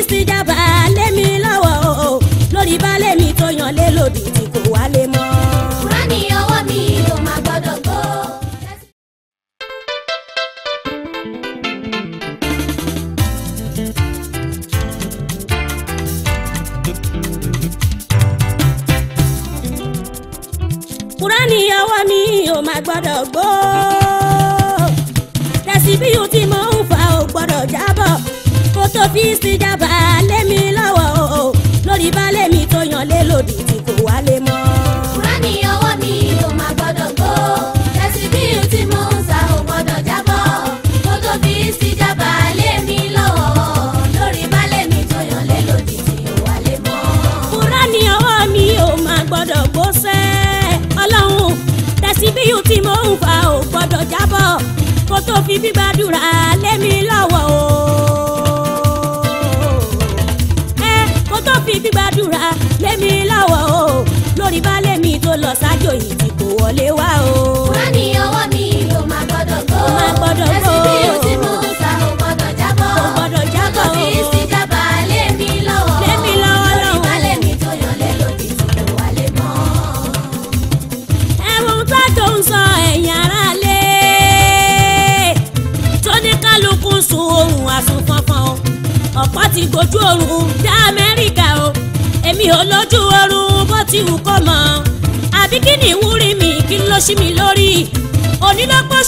Mr. ya.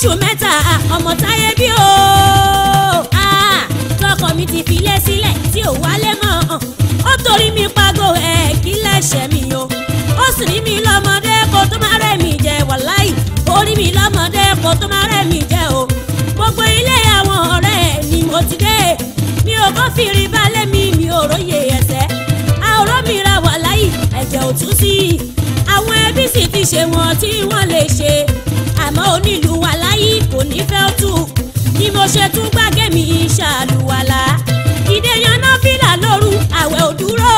lóṣù mẹ́ta ọmọ táyé bí o. tọkọ mi ti filé sílẹ̀ tí ò wálé mọ́ ó torí mi pago ẹ̀ kí lẹ́sẹ̀ mi o. ó sì rí mi lọ́mọdé kó tó máa rẹ̀ jẹ wàláì ó rí mi lọ́mọdé kó tó máa rẹ̀ jẹ o. gbogbo ilé àwọn ọ̀rẹ́ ni mo ti dé mi ò kó fìrí balẹ̀ mi mi ò róye ẹsẹ̀ àwòrán mi ra wàláì ẹ̀jẹ̀ ò tún sí àwọn ẹbí sì ti ṣe wọn tí wọ́n lè ṣe àmọ́ onílù wà láyé kò ní fẹ́ tù ni mo ṣe tún gbàgé mi ṣàlùwàlà ìdèyàn náà fìlà lóru àwẹ̀ òdúró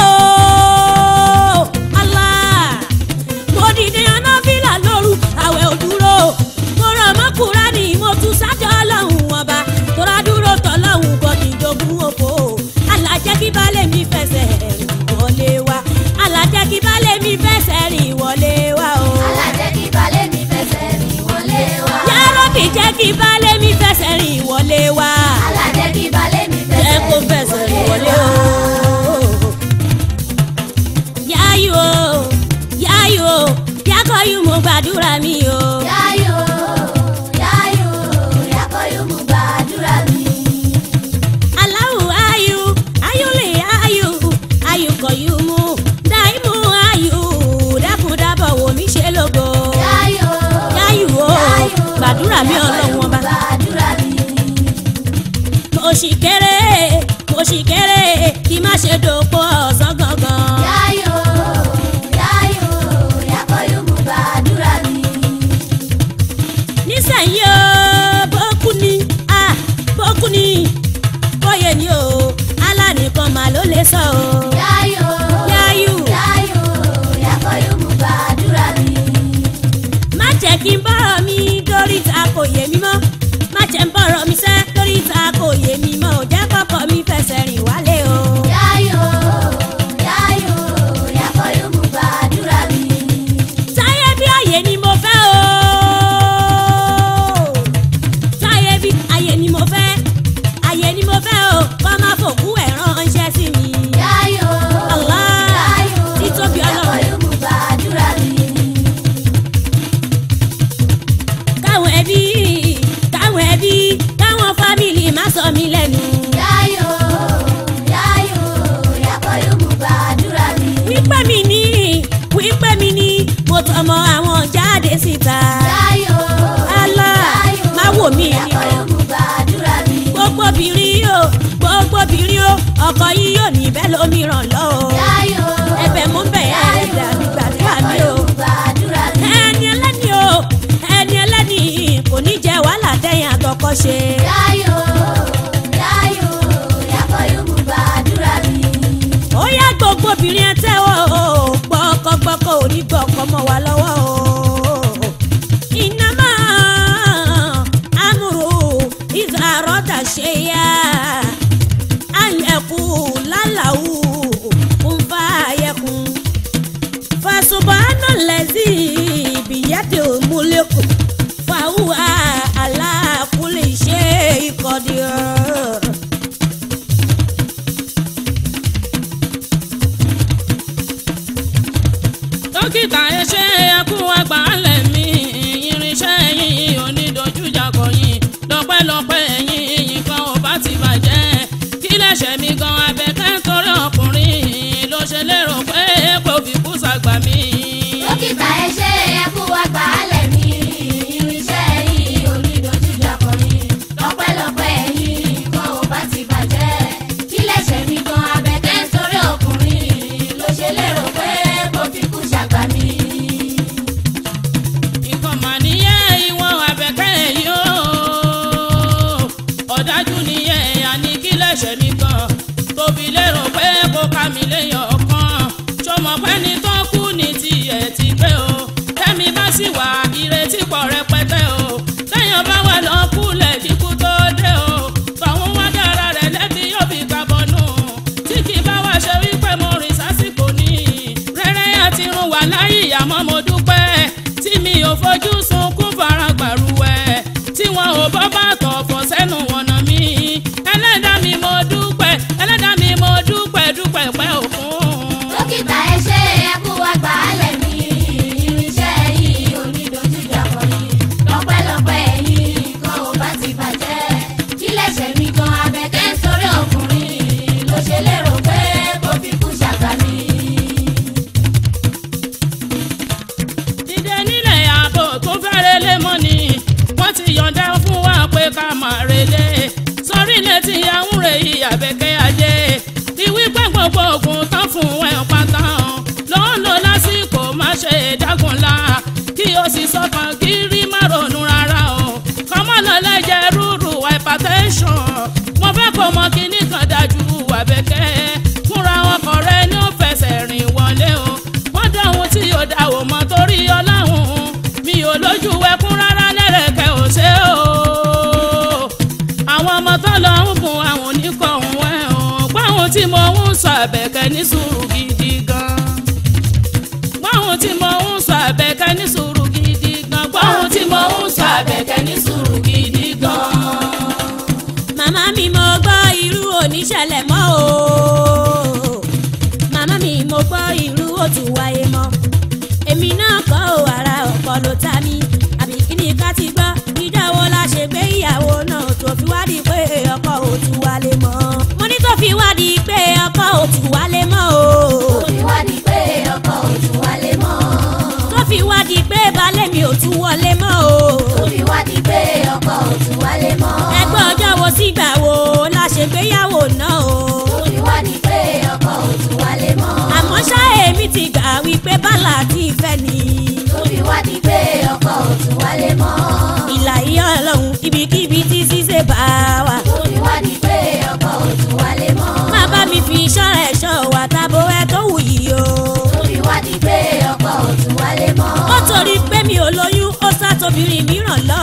kí balẹ̀ mi fẹsẹ̀ rìn wọlé wá. aládé kí balẹ̀ mi fẹsẹ̀ rìn wọlé wá. sì kéré mo sì kéré kí má ṣe dòkú. ti rí o ọkọ yìí yóò ní bẹ́ẹ̀ lómi ràn lọ́ o ẹ̀bẹ̀ mú bẹ́ẹ̀ ẹ̀dá mi gbàdúrà mi o ẹni ẹlẹ́ni o ẹni ẹlẹ́ni kò ní jẹ́ wàhálà tẹ̀yìn àtọkọ ṣe. tí mo sọ àbẹ̀kẹ́ ní sùúrù gidi gan. gbọ́hùn tí mo ń sọ àbẹ̀kẹ́ ní sùúrù gidi gan. gbọ́hùn tí mo ń sọ àbẹ̀kẹ́ ní sùúrù gidi gan. màmá mi mo gbọ́ irú oníṣẹ̀lẹ̀ mọ́ o. màmá mi mo gbọ́ irú òtù wáyé mọ́. èmi náà kọ́ ò ara ọ̀pọ̀ ló ta mi. àbí ni ká ti gbọ́ ìdáwó la ṣe gbé ìyàwó náà tó fi wá di pé ọkọ òtù mọ́ fi wá di pé ọkọ òtù wálé mọ́ o. tó fi wá di pé ọkọ òtù wálé mọ́. tó fi wá di pé balẹ̀ mi ò tún wọlé mọ́ o. tó fi wá di pé ọkọ òtù wálé mọ́. ẹgbẹ́ ọjọ́ wo sígbà wo la ṣègbéyàwó náà o. tó fi wá di pé ọkọ òtù wálé mọ́. àmọ́ ṣá èmi ti gbà wípé bàlá ti fẹ́ ni. tó fi wá di pé ọkọ òtù wálé mọ́. ìlà ìyá ọlọ́run ibikíbi tí ṣíṣe bá wà. mi ò lóyún ó sá tóbìnrin mìíràn lọ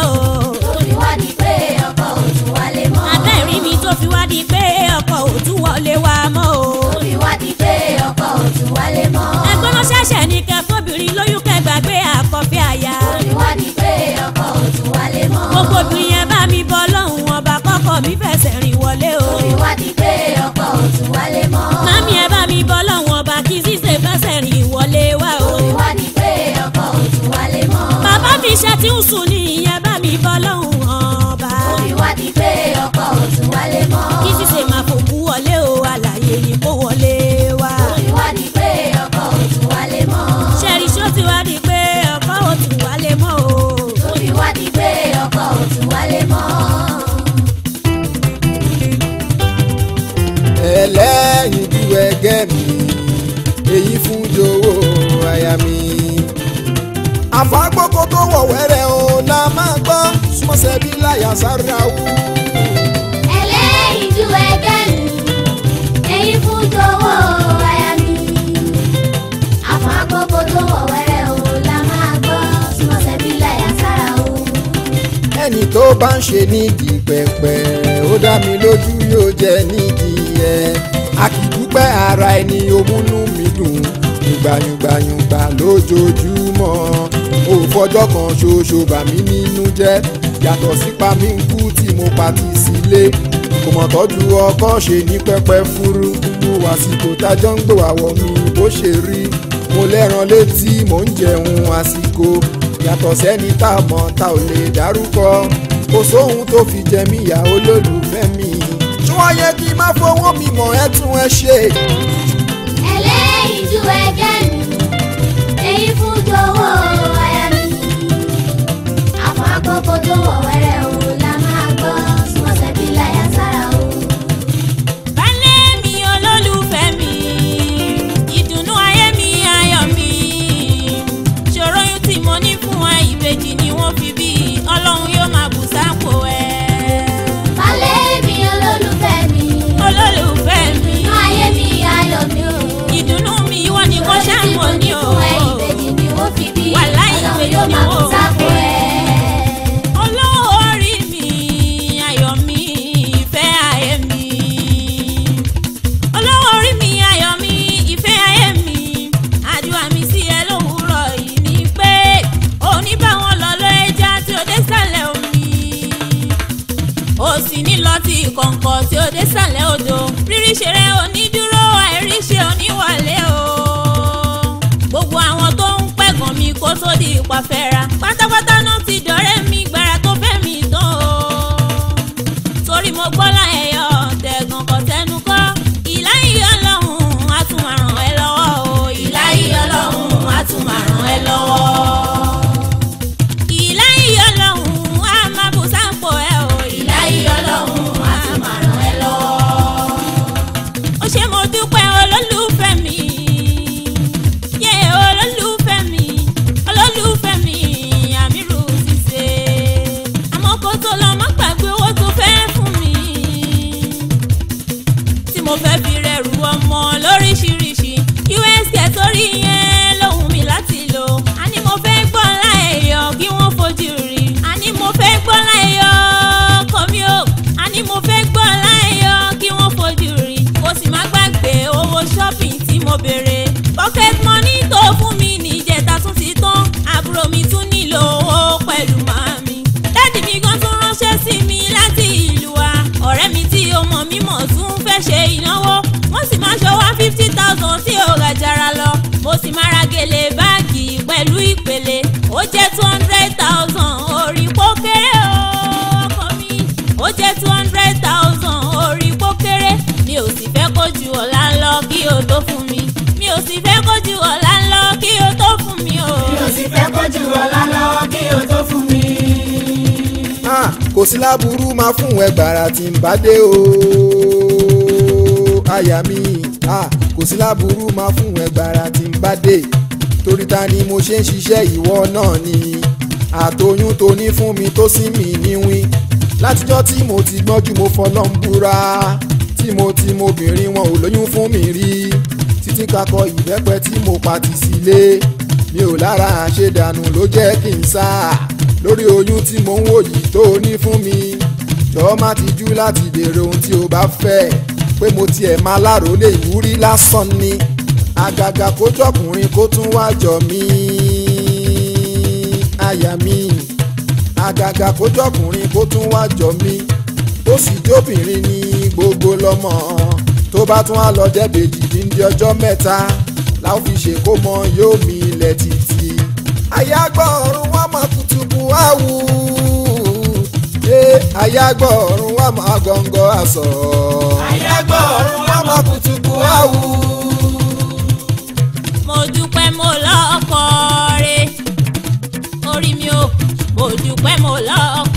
tó fi wá di pé ọkọ ò tún wálé mọ́. abẹ́rìn mi tó fi wá di pé ọkọ ò tún wọlé wá mọ́ o. tó fi wá di pé ọkọ ò tún wálé mọ́. ẹgbọ́n ló ṣẹ̀ṣẹ̀ ní kẹ́ fóbìnrin lóyún kẹ́ gbàgbé àkọ́fẹ́ àyà. tó fi wá di pé ọkọ ò tún wálé mọ́. gbogbo obìnrin yẹn bá mi bọ́ lọ́hùn ọba kọ́kọ́ mi fẹsẹ̀ rìn wọlé o. tó fi wá di pé ọkọ ò tún wálé mọ́. oníṣẹ́ tí ń sùn ní ìyẹn bá mi bọ́ lọ́hùn ọba. omi pé ọkọ̀ òtún wálé mọ́. kí sísè àfágbóko tó wọ̀ wẹ́rẹ́ o la máa gbọ́ súnmọ́sẹ̀ bí láyà sára o. ẹlẹ́yìí ju ẹgbẹ́ mi èyí fún tówó aya mi àfágbóko tó wọ̀ wẹ́rẹ́ o la máa gbọ́ súnmọ́sẹ̀ bí láyà sára o. ẹni tó bá ń ṣe nídìí pẹpẹ ó dá mi lójú yóò jẹ nídìí ẹ àkìdúpẹ́ ara ẹni òmùnú mi dùn gbanyugbanyugba lójoojúmọ́ ò fọjọ́ kan ṣoṣo bà mí nínú jẹ́ yàtọ̀ sípa mi ń kú tí mo pati sílé kò mọ̀ tọ́jú ọkọ ṣe ní pẹ́pẹ́ fúrú mo wà síkò tájọ́ ń gbò àwọ̀ mi bó ṣe rí mo lẹ́ran létí mò ń jẹun àsìkò yàtọ̀ sẹ́ni tá a mọ̀ tá ò lè dárúkọ kò sóhun tó fi jẹ mí ìyá olólùfẹ́ mi tí wọ́n yẹ kí n má fowó mi mọ̀ ẹ́ tún ẹ ṣe. ẹlẹ́yìí ju ẹ̀jẹ̀ kókojó ọ̀wẹ́rẹ́ mi olólùfẹ́ mi ìdùnnú ayé mi ayọ̀ mi ṣòroyún tí ni wọ́n fi bí ọlọ́run yóò máa bù sápò mi olólùfẹ́ mi olólùfẹ́ mi ìdùnnú ayé mi ayọ̀ o ìdùnnú mi ni o wàláì ìbejì ni wọ́n ọ̀rọ̀ tí ó dé sàlẹ̀ odò rírí ṣeré onídúró àìrí ṣe oníwàlẹ́ o. gbogbo àwọn tó ń pẹ̀gàn mi kó tó di ìpàfẹ́ra sí láburú máa fún ẹgbàrá tí ń bá dé torí ta ni mo ṣe ń ṣiṣẹ́ ìwọ náà ni àtọyún tó ní fún mi tó sì mí níwín látijọ́ tí mo ti gbọ́njú mo fọlọ́ ń búra tí mo ti mo obìnrin wọn ò lóyún fún mi rí títí kakọ ìbẹ́pẹ tí mo pati sílé mi ò lára àṣedànù ló jẹ́ kí n sá lórí oyún tí mo ń wò yìí tó ní fún mi jọ̀ọ́ má tijú láti béèrè ohun tí o bá fẹ́ pé mo tiẹ̀ máa láròlé ìwúrí lásán ni àgàgà kó jọkùnrin kó tún wá jọ mí àyà mi àgàgà kó jọkùnrin kó tún wá jọ mí ó sì jóbìnrin ní gbogbo lọ́mọ tó bá tún á lọ jẹ́ bèjì ní ọjọ́ mẹ́ta láwọn fi ṣe kó mọ yóò mi ilẹ̀ títí àyàgbọ́ ọ̀run wọn mọ kùtùkù àwù àyàgbọ́ ọ̀run wọn mọ gọ́ngọ́ àsọ̀ gbọ́ ọ̀run lọ́mọ kùtùkù àwù. mo dúpẹ́ mo lọ́kọ̀ọ́rẹ́ orí mi ò mo dúpẹ́ mo lọ́kọ̀ọ́rẹ́.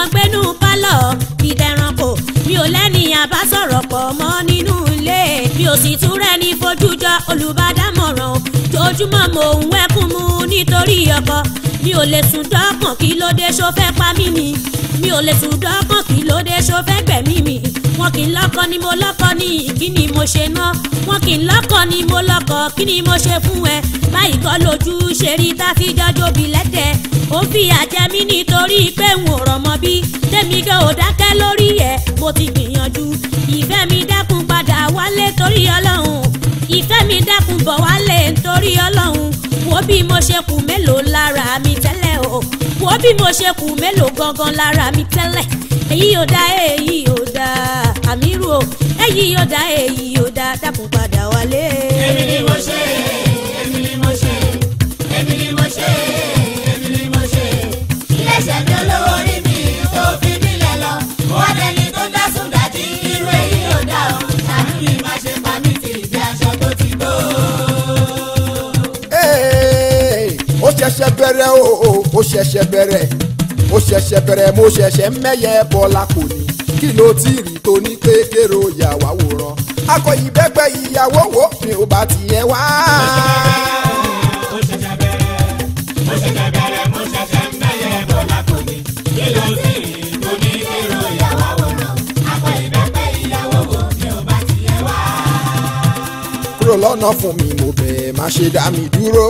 máa gbénú pálọ̀ ìdẹ̀ranko mi ò lẹ́ni àbásọ̀rọ̀ pọ̀ mọ́ nínú ilé mi ò sì tún rẹ́ni fojújọ olùbádámọ̀ràn tójúmọ́ mò ń wẹ́kùn mu nítorí ọkọ mi ò lè sùn dọ́kàn kí ló dé ṣó fẹ́ pa mí mi mi ò lè sùn dọ́kàn kí ló dé ṣó fẹ́ gbẹ̀mí mi wọn kì í lọ́kọ ni mo lọ́kọ ni kí ni mo ṣe ná wọn kì í lọ́kọ ni mo lọ́kọ kí ni mo ṣe fún ẹ báyìí kọ́ lójú ṣe rí tá a fi jọjọ́ bí lẹ́tẹ̀ẹ́ ó fi àjẹ mí nítorí pé n ò rọmọ bí tèmi gé ò dákẹ́ lórí ẹ̀ mo ti gbìyànjú ìfẹ́ mi dẹ́kun padà wálé torí ọlọ́run ìfẹ́ mi dẹ́kun bọ̀ wálé torí ọlọ́run wo bí mo ṣe kù mélòó lára mi tẹ́lẹ̀ o wo bí mo ṣe kù mélòó gangan lára mi tẹ́lẹ̀ èyí ò dá èyí ò dá àmírù o èyí ò dá èyí ò dá dákun padà wálé. èmi ni mo ṣe é. ẹ̀ṣẹ̀ mi olówó orí mi tó fi nílẹ̀ lọ wọ́n dẹni tó dásùn dájí irú èyí o àánú mi o ó ṣẹ̀ṣẹ̀ mo ṣẹ̀ṣẹ̀ mẹ́yẹ bọ́lá kò ní kí ló ti rí tó ní kékeré òyà wá wòran akọ̀yí bẹ́gbẹ́ ìyàwó wo mi ò bá tiẹ̀ wá. ó ṣẹ̀ṣẹ̀ bẹ̀rẹ̀ ó ṣẹ̀ṣẹ̀ bẹ̀rẹ̀. kúrò lọ́nà fún mi mo bẹ̀ má ṣe dá mi dúró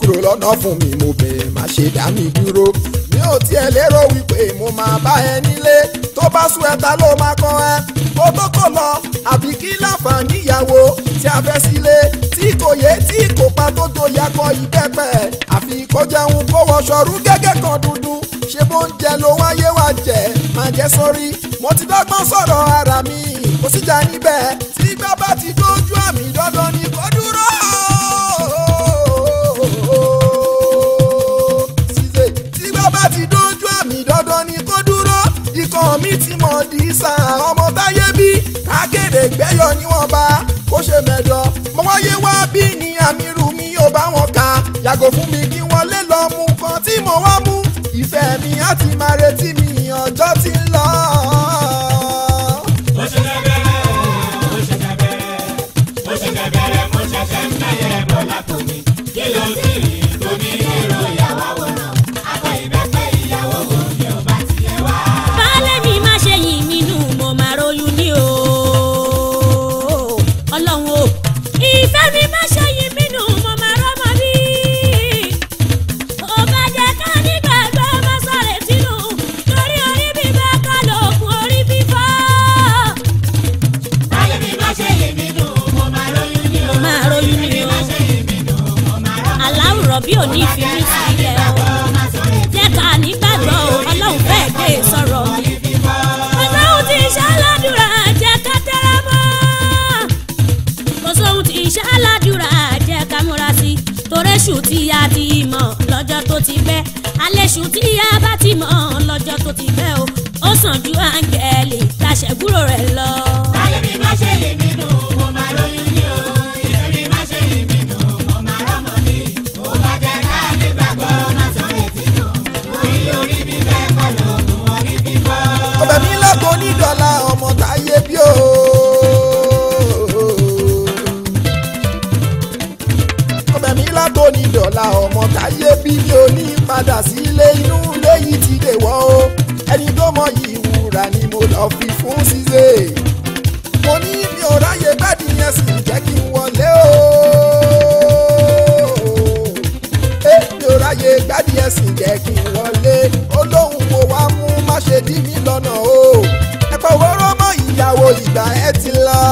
kúrò lọ́nà fún mi mo bẹ̀ má ṣe dá mi dúró mi ò tiẹ̀ lérò wípé mo máa bá ẹ nílé tó bá sún ẹ ta ló máa kọ ẹ ó tó kò lọ àbí kí láǹfààní ìyàwó tí a fẹ́ sílé tí kò yé tí kò pa tó tó yakọ ìbẹ́pẹ àfi kó kó wọṣọ rú gẹ́gẹ́ kan dúdú ṣé bó ń jẹ ló wáyé wá jẹ má jẹ sórí mo ti dọ́gbọ́n sọ̀rọ̀ ara mi kò síjà níbẹ̀ tí bàbá ti dójú àmì dandan ni kò dúró. tí bàbá ti dójú àmì dandan ni kò dúró ikọ̀ mi ti mọ̀ di sàn ọmọ táyé bí kákéde gbẹ́yọ̀ níwọ̀nba kó ṣe mẹ́jọ mo wáyé wá bí ni àmì mi ò bá wọn kà yàgò fún mi kí wọ́n lè lọ mú kan tí mo wá mú ìfẹ́ mi á ti máa retí mi ọjọ́. sàn ju áńgẹ́lì láṣẹ̀gbúrò rẹ̀ lọ. láyé mi má ṣe lè mí nù mo máa lóyún ní o. ìlú mi má ṣe lè mí nù mo máa rọ́mọ ní. ó bá jẹ káàdì gbàgbọ́ má sọ retí nù. orí orí mi fẹ́ kọ́ lóògùn orí mi kọ́. ọbẹ̀ mi lákòó ní ọmọ táyé bí o. ọbẹ̀ mi lákòó ní dọ́là ọmọ táyé bí mi ní padà sílé inú ilé yìí ti dèwọ́ o ẹni tó mọ yìí rà ni mo lọ fi fún ṣíṣe mo ní mi ò ráyè bẹ́ẹ̀dì yẹn sì jẹ́ kí n wọlé o mi ò ráyè bẹ́ẹ̀dì yẹn sì jẹ́ kí n wọlé olóhùn mo wá mú má ṣe dí mi lọ́nà o ẹ̀pọ̀ wọ́rọ́ mọ́ ìyàwó ìgbà ẹ ti lọ.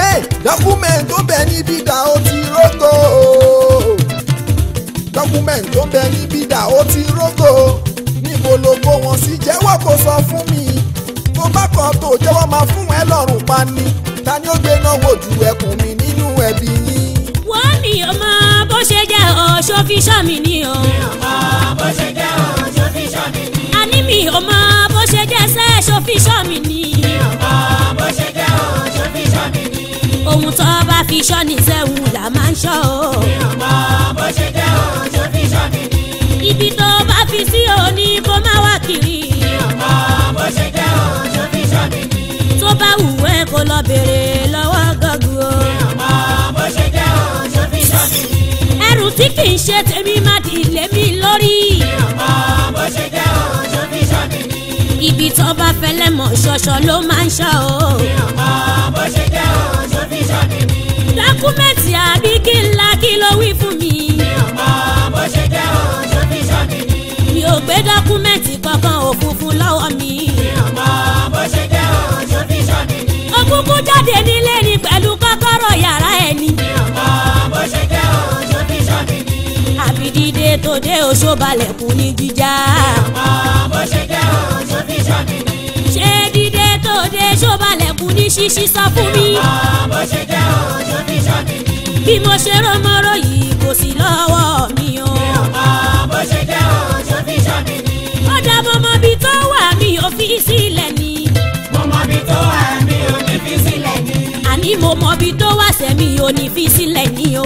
dọ́kúmẹ̀ntì tó bẹ̀ níbi ìdá ó ti rótó o document tó bẹ ní bídà ó ti rógò níbo ló kó wọn sí jẹ́wọ́ kó sọ fún mi tó bá kan tó jẹ́wọ́ máa fún ẹ lọ́rùn pa ni ta ni ó gbé náà wò ju ẹkùn mi nínú ẹbí yín. wọ́n ní ọmọ bó ṣe jẹ́ ọ̀ṣọ́ fi ṣàmì ni o. mi ò mi ò bó ṣe jẹ́ sẹ́ẹ̀ṣọ́ fi ṣàmì ni. mi ò bó ṣe jẹ́ ọ̀ṣọ́ fi ṣàmì ni ohun tó bá fi ṣọ́ ní sẹ́hùn là máa ń ṣọ́ o. mi bó ṣe jẹ́ o fi ṣọ́ mi ni. ibi tó bá fi sí o ní kó má wá kiri. mi bó ṣe jẹ́ o fi ṣọ́ mi ni. tó bá wù ẹ́ kó lọ béèrè lọ́wọ́ gọ́gù o. mi bó ṣe jẹ́ o fi ṣọ́ mi ni. ẹrù tí kì í ṣe tèmi má di lé lórí. mi bó ṣe jẹ́ o fi ṣọ́ mi ni. ibi tó bá fẹlẹ́ mọ̀ ṣọ̀ṣọ̀ ló máa ń ṣọ́ o. mi bó ṣe jẹ́ o dọ́kúmẹ̀tì àbí kí ńlá kí ló wí fún mi. mi ò mọ bó ṣe jẹ́ o ṣó fi ṣọ́ mi ni. mi ò gbé dọ́kúmẹ̀tì kankan òfurufú lọ́wọ́ mi. mi ò mọ bó ṣe jẹ́ o ṣó fi ṣọ́ mi ni. ó kúkú jáde nílé ni pẹ̀lú kọ́kọ́rọ́ yàrá ẹni. mi ò mọ bó ṣe jẹ́ o ṣó fi ṣọ́ mi ni. àbí dídé tó dé oṣó balẹ̀ kú ní jíjà. mi ò mọ bó ṣe jẹ́ o ṣó fi ṣọ́ mi ni. ṣé dòde ṣóbalẹ̀kùn ní ṣíṣí sọ fún mi. bó ṣe jẹ́ òjò ní ṣọ́ọ̀bì mi. bí mo ṣe rọmọrọ yìí kò sí lọ́wọ́ mi o. bó ṣe jẹ́ òjò ní ṣọ́ọ̀bì mi. ó dá bí tó wà mí ò fi sílẹ̀ ni. mọ́mọ́ bí tó wà mí ò ní fi sílẹ̀ ni. àní mo mọ bí tó wà sẹ́mi ò ní fi sílẹ̀ ni o.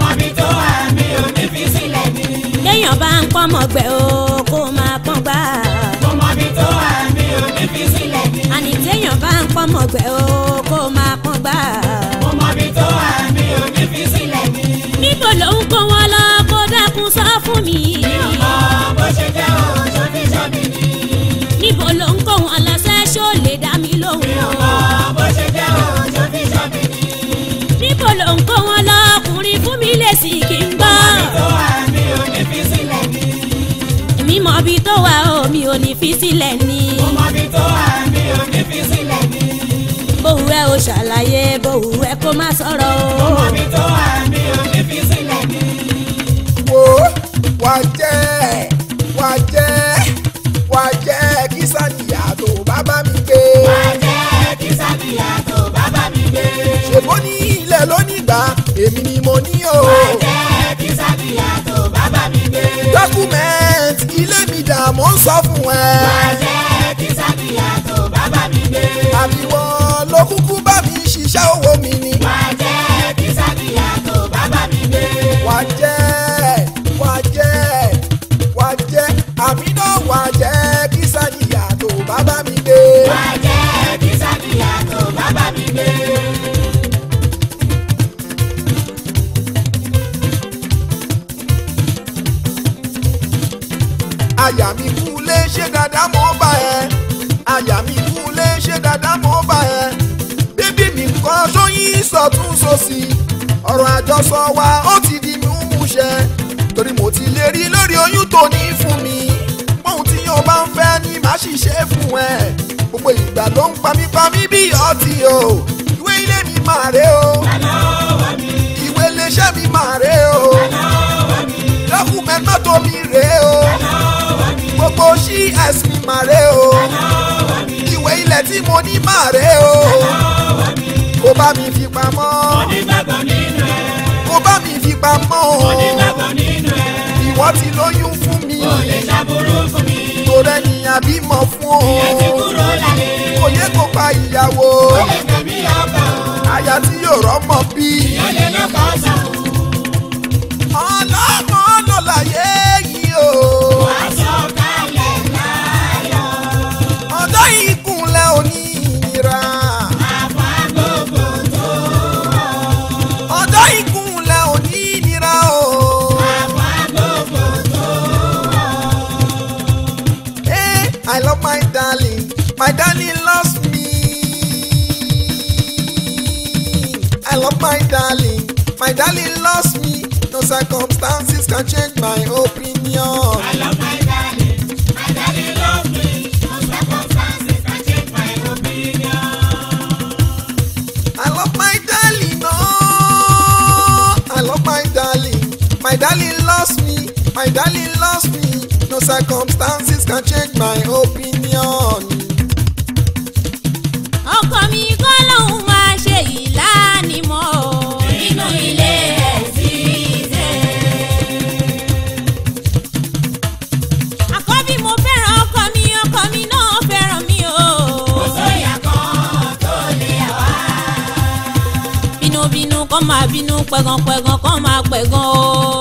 mo bí tó wà mí ò ní fi sílẹ̀ ni. léèyàn bá ń pọ́nmọ́gbẹ́ o mọ̀gbẹ́ o kó máa pọ́n gbà. mo mọ ibi tó wà mí ò ní fi sílẹ̀ ni. níbo ló ń kó wọn lọ kó dákun sọ fún mi. mi ò mọ bó ṣe jẹ́ o ṣọ́bíṣọ́bí ni. níbo ló ń kó wọn lọ ṣẹ́ ṣó lè dá mi lóhùn. mi ò mọ bó ṣe jẹ́ o ṣọ́bíṣọ́bí ni. níbo ló ń kó wọn lọ ọkùnrin fún mi lè sì kí n gbọ́. mo mọ tó wà mí ò fi sílẹ̀ ni. èmi mọ tó wà o mi ò ní fi sílẹ̀ ni. mo mọ tó wà mí ò fi sílẹ̀ ni rẹ ò ṣàlàyé bó wù ẹ́ kó má sọ̀rọ̀ o. mo mọ̀ mi tó àmì òní fi sílẹ̀ ni. wo wá jẹ́ wá jẹ́ wá jẹ́ kí sàníyà tó bá bá mi gbé. wá jẹ́ kí sàníyà tó bá mi gbé. ṣèbó ní ilẹ̀ lónìgbà èmi ni mo ní o. wá jẹ́ kí sàníyà tó bá mi gbé. dọ́kúmẹ́ntì ilé mi dà sọ fún ẹ. wá jẹ́ kí sàníyà tó bá mi gbé. àbíwọ́ ló bá mi ṣiṣẹ́ owó mi ni. sósì ọ̀rọ̀ àjọsọ wa ó ti di mímúṣẹ torí mo ti lè rí lórí oyún tó ní fún mi ohun tí o bá ń fẹ́ ni màá sì ṣe fún ẹ gbogbo ìgbà ló ń pamípamí bí ọtí o ìwé ilé mi máa rè o ìwé iléeṣẹ́ mi máa rè o dọ́kúmẹ́ntọ́ tó mi rè o gbogbo cs mi máa rè o ìwé ilẹ̀ tí mo ní máa rè o kó bá mi fi pamọ́. mo nígbàgbọ́ nínú ẹ. kó bá mi fi pamọ́. mo nígbàgbọ́ nínú ẹ. ìwọ ti lóyún fún mi. o lè ṣàbúrò fún mi. torí ènìyàn bímọ fún ọ. ìyá ti kúrò lálẹ́. kò yẹ kó pa ìyàwó. o lè tẹ̀mí ọkọ. aya tí yóò rọ́mọ bí. ìyá lè lọ́kọ̀ọ́sán. ọlọ́mọ lọ́la yẹn. love my darling. My darling loves me. No circumstances can change my opinion. I love my darling. My darling loves me. No circumstances can change my opinion. I love my darling. Oh, I love my darling. My darling loves me. My darling loves me. No circumstances can change my opinion. pẹ̀gàn pẹ̀gàn kọ́ máa pẹ̀gàn o.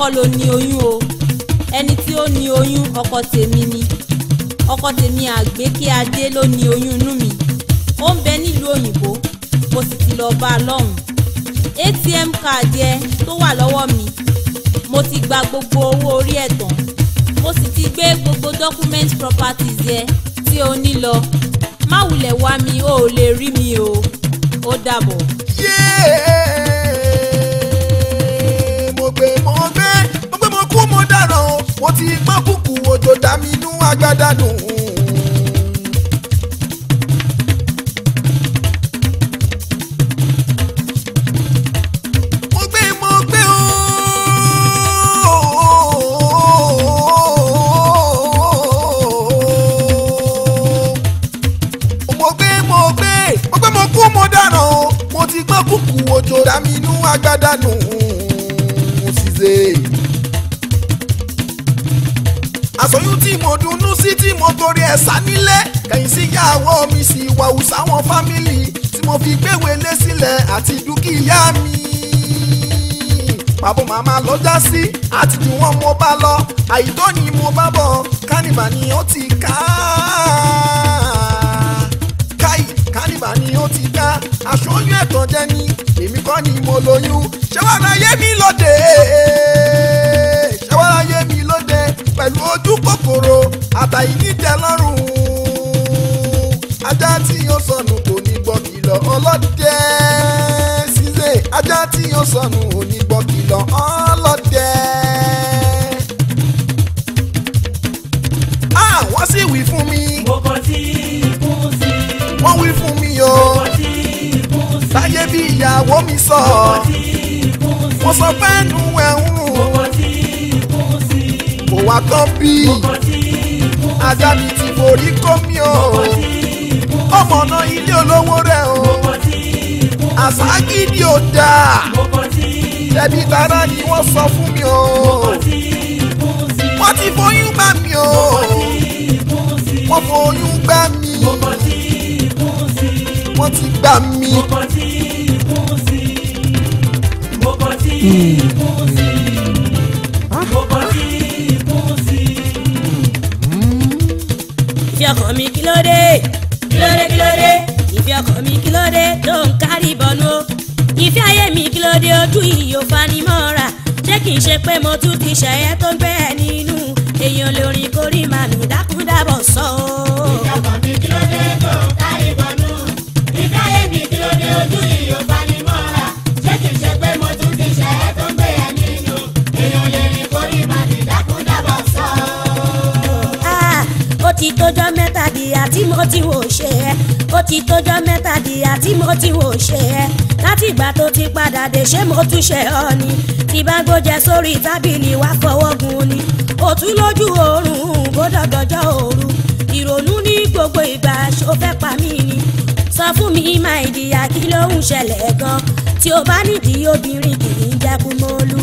kọ́ ló ní oyún o ẹni tí ó ní oyún ọkọ tèmi ni ọkọ tèmi àgbékè adé ló ní oyún inú mi ó ń bẹ nílùú òyìnbó mo sì ti lọ bá a lọ́hùn atm káàdì ẹ tó wà lọ́wọ́ mi mo ti gba gbogbo owó orí ẹ̀ tán mo sì ti gbé gbogbo document properties ẹ tí o ní lọ má wulẹ̀ wá mi o ò lè rí mi o ó dàbọ̀. Yeah! mo ti gbọ́ kúkú òjò dá mi inú agbádá dùn. mo gbé mo gbé o. mo gbé mo gbé mo gbé mo kú mo dáná o mo ti gbọ́ kúkú òjò dá mi inú agbádá dùn. mo sì ṣe sóyún tí mo dunnú sí tí mo torí ẹ̀ sá nílé kẹ̀yìn sí ìyàwó mi sì wà òòsà wọn fámìlì tí mo fi gbéwèé lé sílẹ̀ àti dúkìá mi. bàbá màmá lọ́jà sí àti jù wọ́n mo bá lọ àìtọ́ ni mo bá bọ̀ kánìbà ni ó ti ká. káì kánìbà ni ó ti ká aṣọ oyún ẹ̀tàn jẹ́ ni èmi kọ́ ni mo lóyún ṣé wàá ráyé mi lóde pẹ̀lú ojú kòkòrò àtàyí níjẹ lọ́rùn ajá tí yóò sọnù kò ní gbọ́ kìlọ̀ ọlọ́dẹ ṣíṣe ajá tí yóò sọnù kò ní gbọ́ kìlọ̀ ọlọ́dẹ. wọ́n sì wí fún mi. gbogbo tí ikú sí. wọ́n wí fún mi o. gbogbo tí ikú sí. táyé bí ìyàwó mi sọ. gbogbo tí ikú sí. mo sọ fẹ́ nu ẹ̀hún. gbogbo wá kán bí ajá mi ti forí kó mi o ọmọ náà ilé olówó rẹ o àságídí ò dáa ṣẹbi tara ni wọ́n sọ fún mi o wọ́n ti foyún gbà mí o wọ́n foyún gbà mí wọ́n ti gbà mí. Mm. ọkàn mi kí ló dé kí ló dé kí ló dé ìfẹ́ ọkàn mi kí ló dé tó ń kárí bọ̀nú o ìfẹ́ ayé mi kí ló dé ojú ìyó fanimọ́ra ṣé kì í ṣe pé mo tún ti ṣẹ̀yẹ́ tó ń bẹ́ẹ̀ nínú èèyàn lórí kórìí màmí. ti tọ́jọ́ mẹ́tàdínlá tí mo ti wò ṣe ẹ́ láti ìgbà tó ti padà dé ṣé mo tún ṣe ọ́ ni tí bá gbójẹ sórí tábìlì wá fọwọ́ gun ni òtún lójú oorun kó dọ̀dọ̀jọ́ òru ìrònú ní gbogbo ìgbà ṣó fẹ́ pa mí ni sọ fún mi máa ìdíyà kí ló ń ṣẹlẹ̀ gan tí o bá nídìí obìnrin kì í jẹ́ kú mọ́lú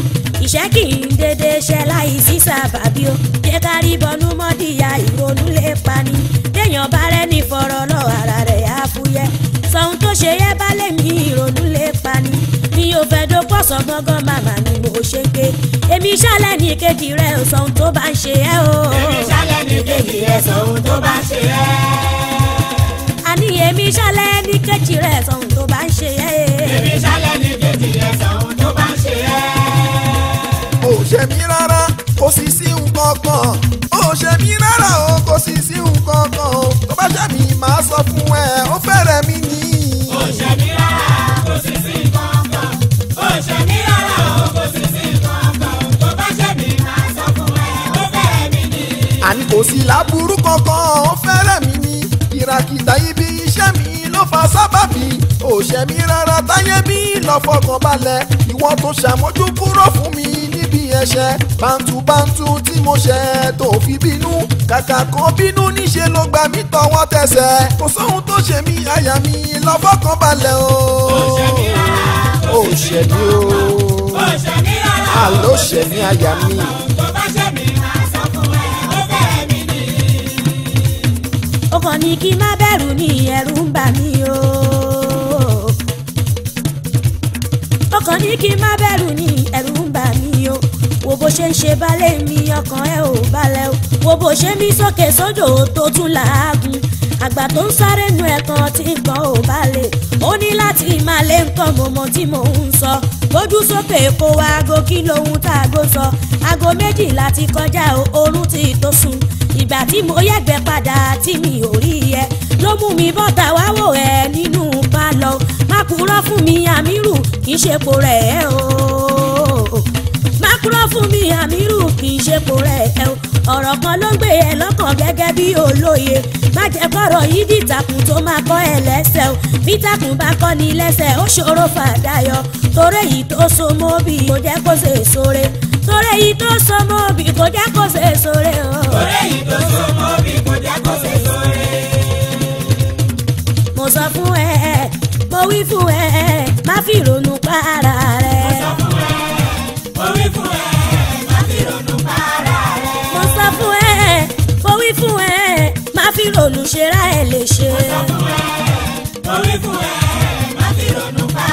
iṣẹ́ kì í dédé ṣe láì sí sábàbí o jẹ́ ká rí bọnú mọ́dìyà ìrònú lè pani téèyàn bá rẹ́ni fọ̀rọ̀ lọ ara rẹ̀ á fúyẹ́ sọ̀hún tó ṣe yẹ bá lè mí ìrònú lè pani mi ò fẹ́ dópọ̀ sọ gbọ́ngàn màmá ni mo ṣe ké èmi ṣálẹ̀ ní kejì rẹ̀ sọ̀hún tó bá ń ṣe ẹ́ o. èmi ṣálẹ̀ ní kejì rẹ̀ sọ̀hún tó bá ń ṣe ẹ́. àní èmi ṣálẹ̀ ní kejì rẹ̀ sọ̀hún tó bá ń ṣe ẹ́. èmi ṣálẹ̀ ní kejì rẹ̀ sọ̀hún ṣe mí rárá kò sì sí nǹkan kan ó ṣe mí rárá o kò sì sí nǹkan kan o tó bá ṣe mí màá sọ fún ẹ ó fẹ́rẹ̀ mi ní. ó ṣe mí rárá kò sì sí nǹkan kan ó ṣe mí rárá o kò sì sí nǹkan kan tó bá ṣe mí màá sọ fún ẹ ó fẹ́rẹ̀ mi ní. àní kò sí láburú kankan ó fẹ́rẹ̀ mi ní ìràkìtà ibi iṣẹ́ mi fa sábàbí òṣè mi rárá táyé mi lọ fọkàn balẹ̀ ìwọ tó ṣàmójú kúrò fún mi níbi ẹ̀ṣẹ̀ bántúbántú tí mo ṣẹ̀ tó fi bínú kàkà kan bínú níṣẹ́ ló gbà mí tọwọ́ tẹsẹ̀ kò sóhun tó ṣe mí àyà mi lọ fọkàn balẹ̀ o òṣè mi o àlọ́ òṣè mi àyà mi. kàn ní kí má bẹ̀rù ní ẹ̀rù ń bà mí o. ọkàn ní kí má bẹ̀rù ní ẹ̀rù ń bà mí o. wo bó ṣe ń ṣe balẹ̀ mi ọkàn ẹ ò balẹ̀ o. wo bó ṣe ń mí sókè sódò tó tún làágùn. àgbà tó ń sáré nu ẹ̀kan tí nǹkan ò balẹ̀. ó ní láti máa lé nǹkan mọ̀mọ́ tí mò ń sọ. gbójú sókè kó wa aago kí lohun tá a gbó sọ. aago méjì láti kọjá o oorun ti tó sùn ìgbà tí mo yẹ̀gbẹ́ padà tí mi ò rí ẹ ló mú mi bọ́ta wá wò ẹ nínú pálọ̀ má purọ́ fún mi àmírù kì í ṣepo rẹ̀ ẹ́ o má purọ́ fún mi àmírù kì í ṣepo rẹ̀ ẹ́ o ọ̀rọ̀ kan ló gbé ẹ lọ́kàn gẹ́gẹ́ bí olóye má jẹ́ kọ́rọ̀ yìí dìtàkùn tó máa kọ́ ẹ lẹ́sẹ̀ o bítàkùn bá kọ́ ni lẹ́sẹ̀ ó ṣòro fàdáyọ torí èyí tó so mọ́ bí kò jẹ́ kó ṣe sóre. Sore èyí tó sọmọ bí kò jẹ́ kó ṣe sóre o. sore. èyí tó sọmọ bí kò jẹ́ kó ṣe sóre. mo sọ fún ẹ mo wí fún ẹ má fi ronú pa ara rẹ. mo sọ fún ẹ mo wí fún ẹ má fi ronú pa rẹ. mo sọ fún ẹ mo wí fún ẹ má fi ronú ṣe ra ẹ lè ṣe. mo sọ fún ẹ mo wí fún ẹ má fi ronú pa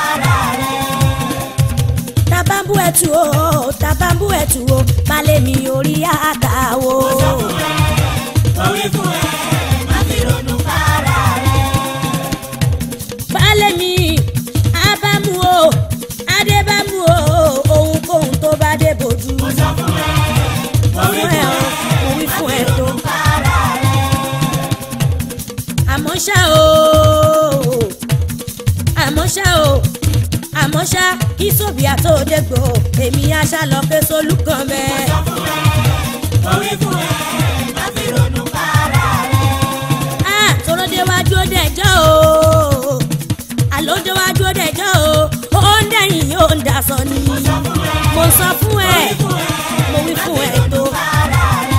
bú ẹ̀tù o tàbá bú ẹ̀tù o má lè mi orí àgbà o. mo sọ fún ẹ orí fún ẹ má fi ronú fara rẹ. má lè mi ábámu o adébámu o ohunkóhun tó bá dé bojú. mo fún ẹ orí fún ẹ orí fún ẹ tó. àmọ́ ṣá o àmọ́ ṣá o àmọ́ ṣá ìsòbíà tó dégbò èmi aṣá lọ ké solúkan mẹ́. mo sọ fún ẹ orí fún ẹ má fi ronú para rẹ. a tọrọ déwájú ó dẹjọ́ o àlọ́ déwájú ó dẹjọ́ o ó ń dẹ̀yìn yóò ń dasọ ni. mo sọ fún ẹ mo wí fún ẹ tó.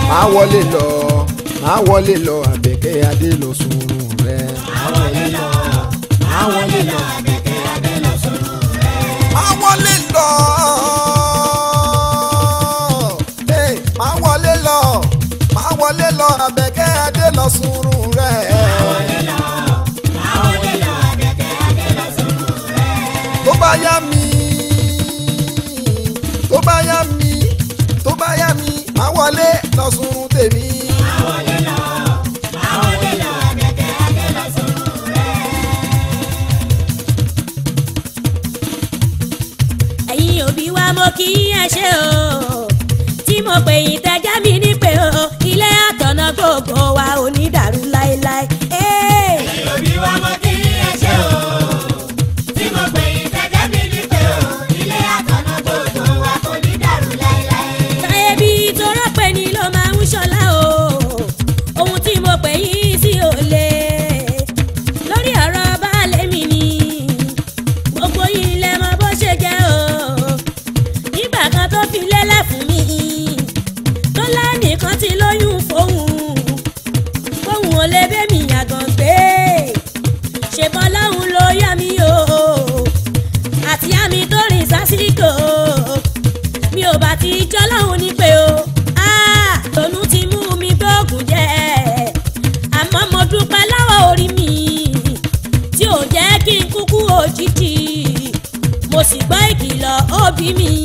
má wọlé lọ má wọlé lọ àbẹ̀kẹ́ adé lọ sùúrù rẹ̀. má wọlé lọ má wọlé lọ àbẹ̀kẹ́ wọlé lọ. má wọlé lọ má wọlé lọ Àbẹ̀kẹ́ Adé lọ sùúrù rẹ̀. má wọlé lọ má wọlé lọ Àbẹ̀kẹ́ Adé lọ tó bá yá mi tó bá yá mi tó bá yá mi má wọlé lọ sùúrù tèmi. ṣe o tí mo pè yín tẹ́jẹ́ mi ní pé o ilé àtọ̀nà gbogbo wa ò ní. mi.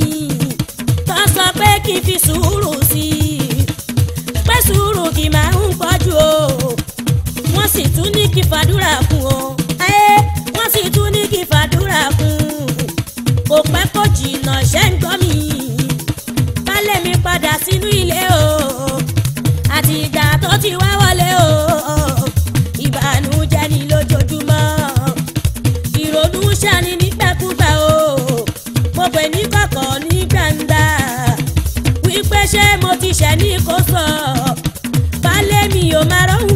no matter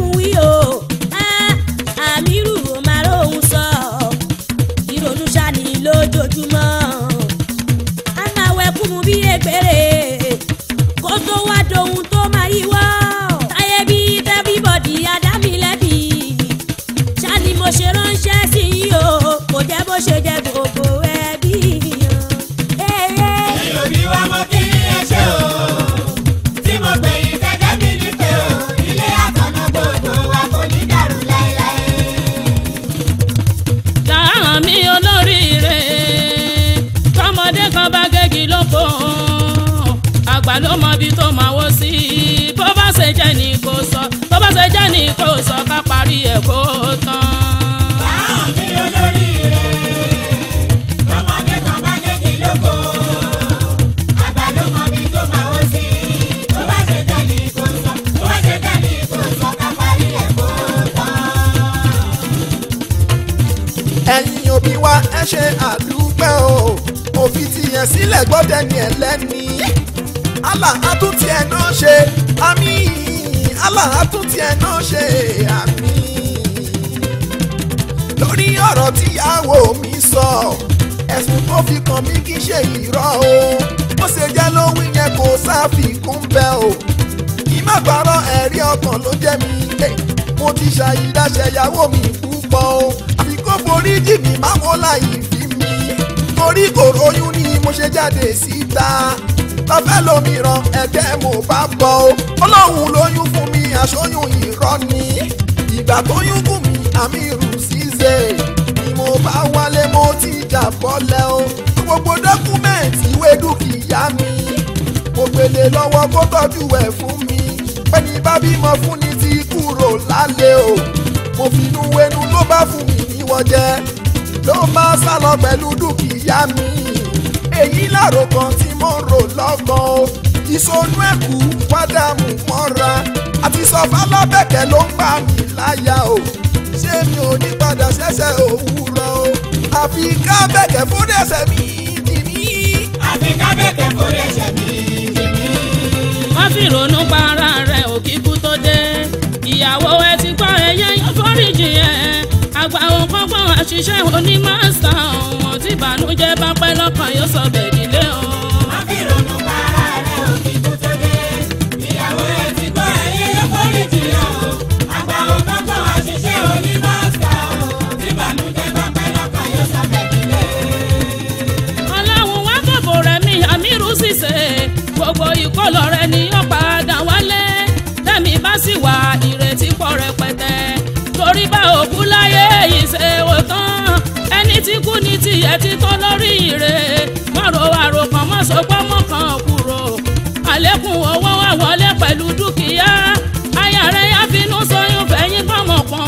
kọ́lá yìí fi mí torí kò ròyún ni mo ṣe jáde síta lọ́fẹ́ lómìíràn ẹ̀tẹ́ mo bá bọ̀ o ọlọ́run lóyún fún mi àṣọyún irọ́ ni ìgbà tó yún fún mi àmì ìrù ṣíṣe ni mo bá wálé mo ti jà bọ́lẹ̀ o gbogbo dọ́kúmẹ̀ntì ìwé dúkìá mi mo gbélé lọ́wọ́ kó tọ́jú ẹ̀ fún mi pẹ́ni bá bímọ fún ni ti kúrò lálẹ́ o mo finú wẹnu ló bá fún mi níwọ̀n jẹ́ ló máa sá lọ pẹ̀lú dúkìá mi èyí làrò kan tí mo ń rò lọ́kàn o ìsonú ẹ̀kú wádàmú mọ́ra àti sọ̀fà lábẹ́kẹ̀ ló ń gbà mí láyà o ṣé mi ò ní padà ṣẹ̀ṣẹ̀ òwúrọ̀ o àfi ká bẹ̀kẹ̀ fún ẹsẹ̀ mi dì mí. àfi ká bẹ̀kẹ̀ fún ẹsẹ̀ mi dì mí. wọ́n fi ronú pa rẹ̀ òkìkú tó dé ìyàwó ẹ ti kọ́ ẹyẹ yóò foríjì ẹ̀ àgbà òpópó àṣìṣe onímọ̀ọ́sà ọ̀hún tí ìbànújẹ́ bá pẹ́ lọ́kàn yóò sọ bẹ̀rẹ̀ nílé ọ̀hún. o àgbà òpópó àṣìṣe onímọ̀ọ́sà ọ̀hún tí ìbànújẹ́ bá pẹ́ lọ́kàn yóò sọ bẹ̀rẹ̀ nílé. ọlọ́run wá kòbò rẹ̀ mi gbogbo ìkọlọ rẹ ni yóò padà wálé tẹ̀mí bá sì wà bá òkú láyé ìṣèwò tán ẹni tí kú ní tiẹ̀ ti tó lórí ire mọ̀rọ̀ àròkàn mọ̀sọ́gbọ́n mọ̀kàn kúrò àlékún owó wà wọlé pẹ̀lú dúkìá aya rẹ̀ yá finú sóyún fẹ̀yìn gbọ́mọ̀pọ̀n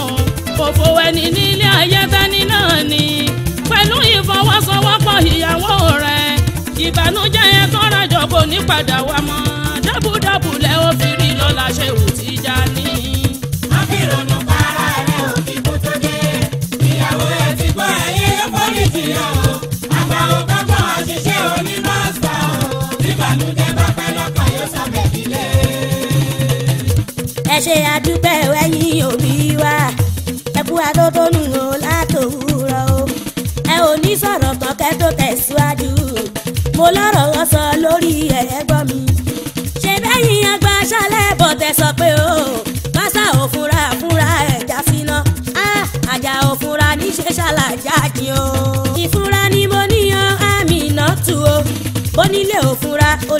òfò ẹni nílé ayé tẹ́ni náà ni pẹ̀lú ìfọwọ́sowọ́pọ̀ ìyàwó rẹ̀ ìbànújẹ́ yẹn tó rájọ kò ní padà wá mọ́ dábùdábù lẹ́ ó rí lọ́la ṣe ò ti a fi rònú lórí ìjìyà o àgbà ò kọ́kọ́ àṣìṣe onímọ̀ọ́sà o bíbànújẹ́ bá pẹ́ lọ́kàn yóò sọ̀bẹ̀ nílé. o látòwúrọ̀ o ẹ ò ní sọ̀rọ̀ kọ́kẹ́ tó tẹ̀síwájú mo lọ́rọ̀ wọ́n lórí ẹ̀rẹ́gbọ́n mi ṣe bẹ́yìn agbáṣálẹ̀.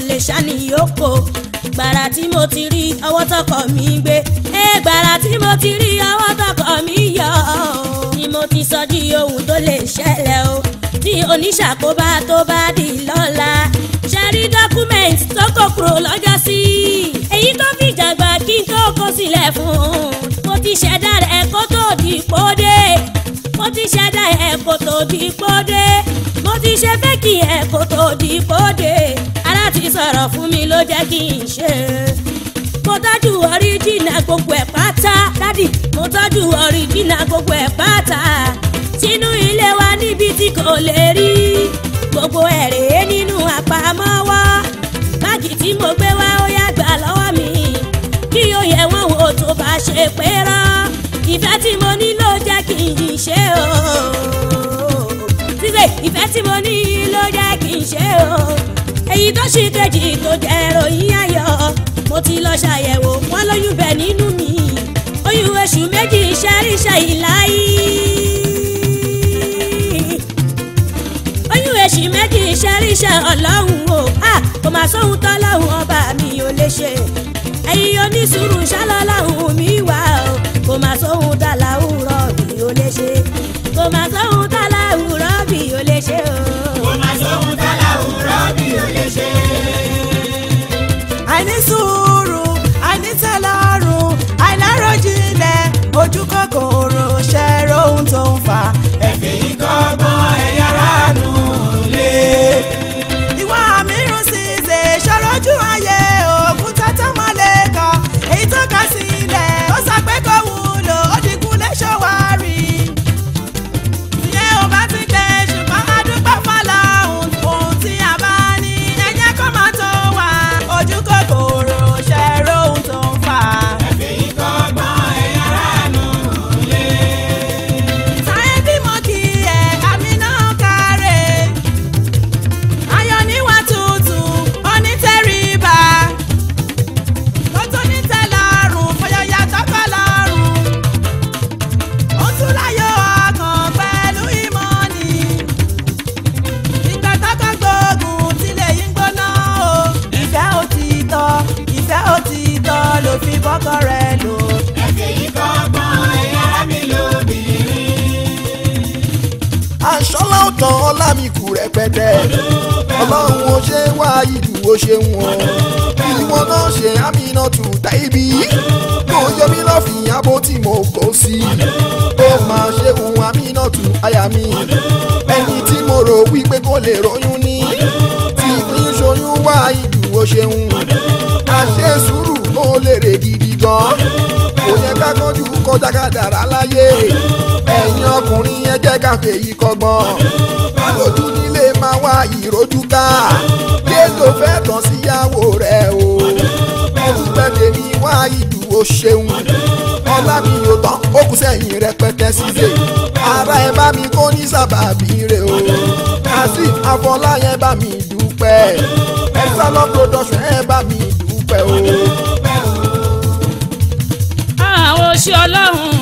lè ṣàní yòókò gbàrà tí mo ti rí ọwọ́ tọkọ mi gbé ẹ gbàrà tí mo ti rí ọwọ́ tọkọ mi yọ ni mo ti sọ di ohun tó lè ṣẹlẹ̀ o tí oníṣàkóbá tó bá di lọ́la ṣe rí dọ́kúmẹ̀ntì tó kò kúrò lọ́jọ́ sí èyí tó fi jàgbá kí n tó kó sílẹ̀ fún un mo ti ṣẹ̀dá rẹ̀ kó tó di pòdé ṣẹ̀dá ẹ̀ kó tó di kóde mo ti ṣe fẹ́ kí ẹ̀ kó tó di kóde ara ti sọ̀rọ̀ fún mi ló jẹ́ kí n ṣe mo tọ́jú ọ̀ríjìnà gbogbo ẹ̀ pátá dádì mo tọ́jú ọ̀ríjìnà gbogbo ẹ̀ pátá sínú ilé wa níbi tí kò lè rí gbogbo ẹ̀ rèé nínú àpamọ́wọ́ báàgì tí mo gbé wá ó yá gbà lọ́wọ́ mi kí ó yẹ wọ́n tó bá ṣe pé rán ìfẹ́ tí mo ní ló jẹ́ kí n ṣe o síbè ìfẹ́ tí mo ní ló jẹ́ kí n ṣe o èyí tó ṣì kejì tó jẹ́ ròyìn ayọ̀ mo ti lọ ṣàyẹ̀wò wọn lóyún bẹ̀ nínú mi oyún oṣù méjì ṣẹ́ríṣẹ́ ìláyé oyún oṣù méjì ṣẹ́ríṣẹ́ ọlọ́run o kò máa sóhun tọ́lọ́run ọba mi ò lè ṣe ẹ̀yin onísùúrù ṣálọ́lọ́run mi wá kò má sóhun tá láwùrọ̀ bí ó lè ṣe kò má sóhun tá láwùrọ̀ bí ó lè ṣe o. kò má sóhun tá láwùrọ̀ bí ó lè ṣe. àní sùúrù àní tẹ́lọ́rùn àìláròjinlẹ̀ ojú kòkòrò ṣẹ́ẹ́rọ́ ohun tó ń fà. ẹ̀fẹ̀ lè ròyún ní tí kì í ṣoyún wá ìdúró ṣeun àṣẹ sùúrù mo lè rè gidi gan kò yẹ ká kánjú kọjá ká dára láyé ẹ̀yin ọkùnrin yẹn jẹ́ ká fèyí kọ́gbọ́n alójú nílé máa wá ìrójú ká yé ló fẹ́ tán síyàwó rẹ̀ o olùgbẹ́ tèmi wá ìdúró ṣeun ọlá mi ò tán ó kù sẹ́yìn rẹpẹtẹ síse ara ẹ bá mi kó ní sábàbí rẹ o wàsíù àfọláyàn bá mi dúpẹ́ Exalon production ẹ bá mi dúpẹ́ o. àwọn oṣù ọlọ́run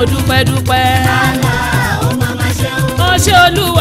mo dúpẹ́ dúpẹ́. Allah ó máa ma ṣeun. ó ṣe olúwa.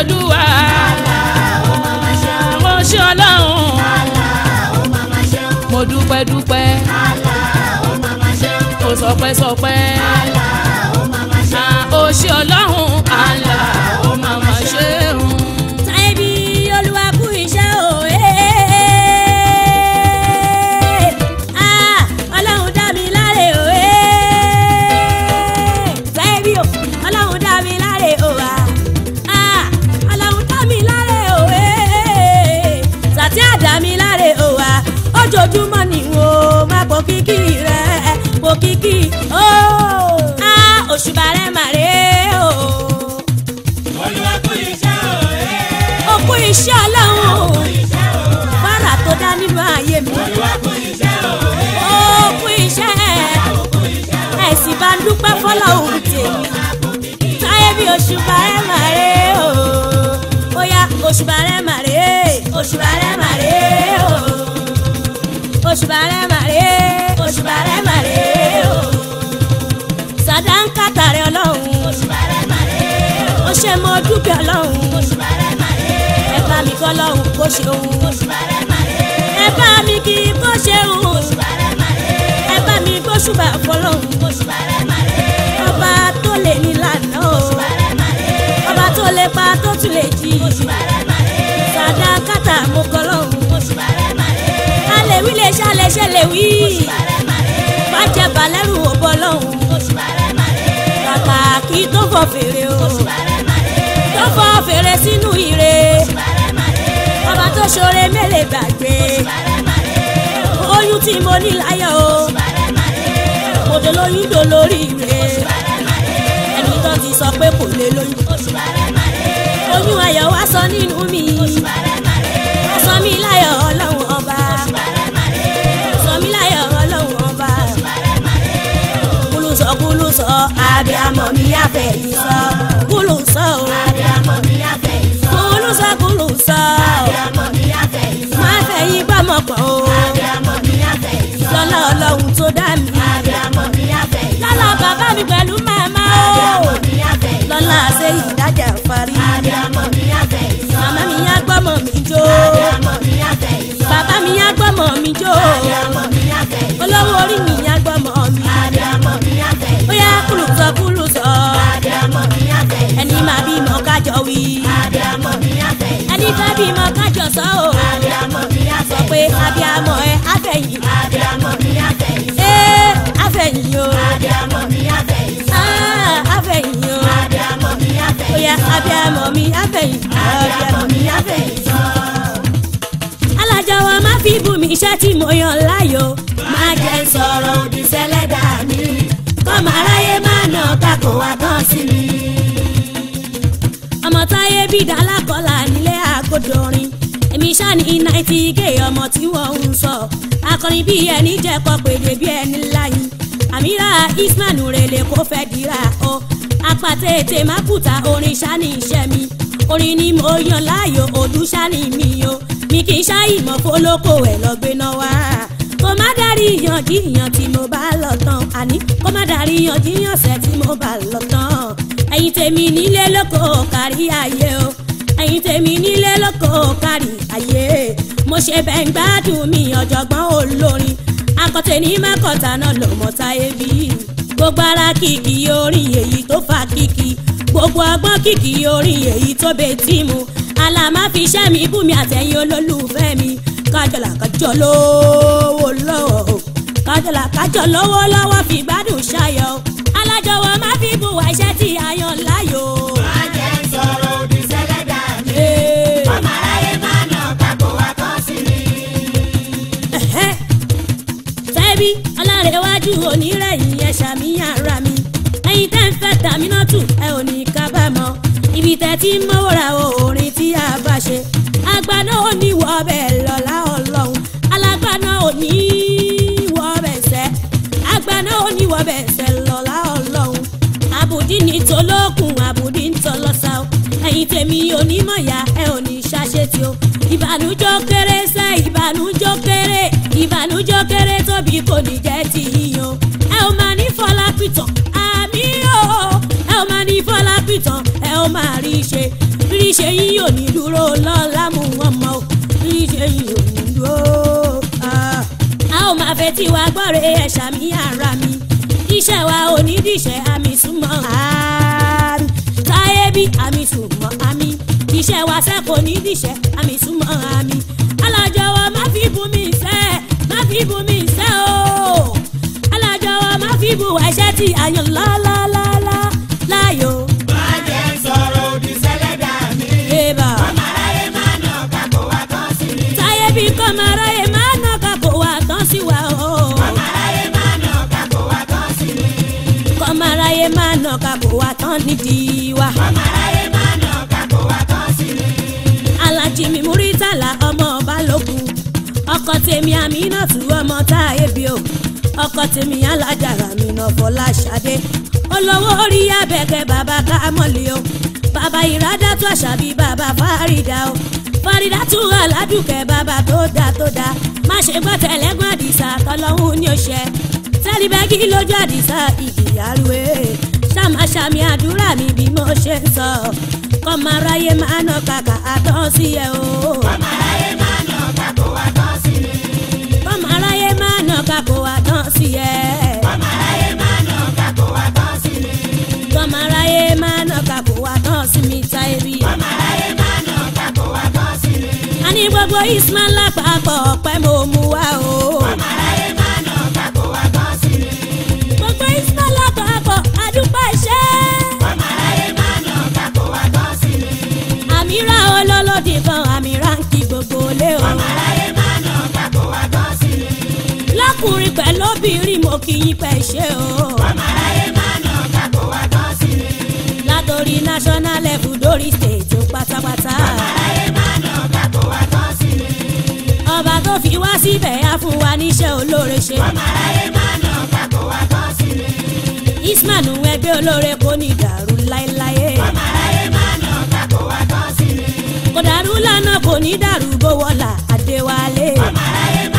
olúwa mo ṣe ọlọ́run mo dúpẹ́ dúpẹ́ mo sọpẹ́ sọpẹ́ ó ṣe ọlọ́run. iṣẹ́ ọlọ́run fara tó dá nínú ayé mi òkun iṣẹ́ ẹ̀sìn bá dúpẹ́ fọ́lọ́ òun tèmi táyé bí òṣùbà rẹ̀ màrè o ó yá òṣùbà rẹ̀ màrè òṣùbà rẹ̀ o òṣùbà rẹ̀ màrè òṣùbà rẹ̀ màrè o sàdánkátà rẹ̀ ọlọ́run ó ṣe mọ́ dúpẹ́ ọlọ́run kọ́lọ́hún kó ṣeun. ẹ bá mi kí kó ṣeun. ẹ bá mi gbóṣùbà fọ́lọ́hún. ọba tó lè ní lànà o. ọba tó lè pa tó tún lè jí. sàdákàtà mo kọ́lọ́hún. alèwí lè ṣàlẹ̀ ṣẹlẹ̀ wí. bàjẹ́ balẹ̀rù ò bọ́ lọ́hún. kàkà kí tó fọ fèrè o. tó fọ fèrè sínú ire tó ṣoore mélè gbàgbé oyún tí mo ní láyọ̀ o mo dé lóyún dò lórí rẹ̀ ẹni tó ti sọ pé kò lè lóyún oyún ayọ̀ wá sọ nínú mi sọ mí láyọ̀ ọlọ́run ọba sọ mí láyọ̀ ọlọ́run ọba kúlù sọ kúlù sọ àbí amọ̀ mi yá fẹ̀yìn sọ kúlù sọ o àbí amọ̀ mi. lọ́kàn o. abiyamọ mi afẹ́ ìtọ́. lọ́lá ọlọ́run tó dá mi. abiyamọ mi afẹ́ ìtọ́. lọ́lá bàbá mi pẹ̀lú màmá o. abiyamọ mi afẹ́ ìtọ́. lọ́lá ṣe ìdájà parí. mi afẹ́ ìtọ́. màmá mi yá gbọ́mọ mi jó. abiyamọ mi afẹ́ ìtọ́. bàbá mi yá gbọ́mọ mi jó. abiyamọ mi afẹ́ ìtọ́. olówó orí mi yá gbọ́mọ mi. abiyamọ mi afẹ́ ìtọ́. bóyá kúlùsọ kúlùsọ. abiyamọ mi afẹ́ ìtọ́. ẹni máa bímọ kájọ wí. ẹni ká bímọ kájọ sọ o pé abiyamọ ẹ afẹ̀yìn. abiyamọ mi afẹ̀yìn. ee afẹ̀yìn o. abiyamọ mi afẹ̀yìn. aa afẹ̀yìn o. abiyamọ mi afẹ̀yìn. oya abiyamọ mi afẹ̀yìn. abiyamọ mi afẹ̀yìn. alájà wa má fi bù mí iṣẹ́ tí mo yàn láàyò. má jẹ́ sọ̀rọ̀ òdì sẹ́lẹ̀dà mi. kọ́mọ aráyé má nà kákò wá tán sí mi. ọmọ táyé bídà alákọ̀ọ́lá nílé àgọ́dọ̀rin iṣẹ́ ní Nightingale ọmọ tí wọ́n ń sọ akọrin bí ẹni jẹ́kọ̀ pèdè bí ẹni láyé àmìrà Isman rèlè kó fẹ́ dira o apàtẹ ètè má kùtà orin ṣáni iṣẹ́ mi orin ni mo yan láàyò ojú ṣáni mi o mi kì í ṣá ìmọ̀ fólókò ẹ̀ lọ́gbẹ́ná wá kó má darí yanjiyan tí mo bá lọ tán àní kó má darí yanjiyan sẹ́ tí mo bá lọ tán ẹ̀yin tèmi nílé lóko kárí ayé o ẹ̀yin tèmi nílé lóko kárí ayé mo ṣe bẹ́ẹ̀ gbádùn mi ọ̀jọ̀gbọ́n olórin akọ̀tẹ̀ ní mẹ́kọ̀tà náà ló mọ̀ táyé bí gbogbo ara kìkì orin èyí tó fa kìkì gbogbo ọgbọ́n kìkì orin èyí tó betí mu àlàmá fi iṣẹ́ mi bú mi àtẹ̀yìn olólùfẹ́ mi kájọlà kájọ lówó lọ́wọ́ kájọlà kájọ lówó lọ́wọ́ fi gbádùn ṣayọ̀ alájọwọ́ má fi bùwà iṣẹ́ tí a yàn lá. ẹ̀yin ara mi ẹ̀yin tẹ́ ń fẹ́ tàmínátù ẹ ò ní kábàámọ̀ ibi tẹ́ ti ń mọ́wó ra orin tí a bá ṣe agbáná ò ní wọ ọbẹ̀ lọ́la ọlọ́run alágbáná ò ní wọ ọbẹ̀ sẹ́ agbáná ò ní wọ ọbẹ̀ sẹ́ lọ́la ọlọ́run àbùdí ní tolókun àbùdí ń tọlọ́sà o ẹ̀yin tèmi onímọ̀ ya ẹ ò ní ṣàṣetì o ìbànújọ́ kéré sẹ́ ìbànújọ́ kéré ìbànújọ́ kéré tóbi kò ní jẹ́ ti yíyan ò máa ní fọlá pìtàn àmì o ẹ ò máa ní fọlá pìtàn ẹ ò máa rí i ṣe rí i ṣe yín yóò ní dúró lọ́la mú wọn mọ́ o rí ṣe yín yóò ní dúró. Ah. a ò máa fẹ́ tí wàá gbọ́re ẹ̀ṣà mi ara mi iṣẹ́ wa ò ní díṣẹ́ àmì súnmọ́ àmì ah. táyé bí àmì súnmọ́ àmì iṣẹ́ wa sẹ́kọ̀ọ́ ní díṣẹ́ àmì súnmọ́ àmì alájọ wa má fi bùnmi sẹ́ má fi bùnmi sẹ́ o akíbu ẹ̀jẹ̀ ti àyàn lálálálá láyò. má jẹ́ sọ̀rọ̀ òdì sẹ́lẹ̀dá mi. ébà. ọmọ aráyé máa nà kàkó wa tán sí mi. táyé bí kọ́ ọmọ aráyé máa nà kàkó wa tán sí wa o. ọmọ aráyé máa nà kàkó wa tán sí mi. kọ́ ọmọ aráyé máa nà kàkó wa tán nídìí wa. ọmọ aráyé máa nà kàkó wa tán sí mi. alájí mi múrítàlá ọmọ ọba lókun ọkọ tèmi àmínà tù ọmọ táyé ọkọ tèmi alájàrà mi náà Fọláṣadé olówó orí abẹ́gẹ́ bàbá kámọ́lì o bàbá ìrádàtú àṣàbí bàbá fárídà o fárídà tún aládùkẹ́ bàbá tó dá tó dá má ṣe gbọ́ tẹ̀lẹ́gbọ́n àdìsá tọ́lọ́hún ní oṣẹ́ tẹ́lifẹ́gì lójú àdìsá ìdìyàrúwé ṣàmàṣàmì àdúrà mi bí mo ṣe ń sọ kọ́mọ máa nà kàkà àtọ́ sí ẹ o. kọ́mọ máa nà kàkó àtọ́ nìyẹn. kọ́mọ aráyé máa nà ọ̀gá kó wá tán sí mi. kọ́mọ aráyé máa nà ta ebi. kọ́mọ aráyé máa nà ọ̀gá kó wá tán sí mi. a ní gbogbo Ismaila papọ̀ ọ̀pẹ́ mo mú wa o. kọ́mọ lóbìnrin mo kì í pẹ́ ṣe o. màmá máa nà ọ̀gá kó wá tán sí i. látòrí national level dórí state ó pátápátá. màmá ayé máa nà ọ̀gá kó wá tán sí i. ọba tó fi wá síbẹ̀ á fún wa níṣẹ́ olóore ṣe. màmá ayé máa nà ọ̀gá kó wá tán sí i. isman ẹgbẹ́ olóore kò ní dàrú láéláé. màmá máa nà ọ̀gá kó wá tán sí i. kò dàrú lánàá kò ní dàrú bó wọlà Adéwálé. màmá ayé máa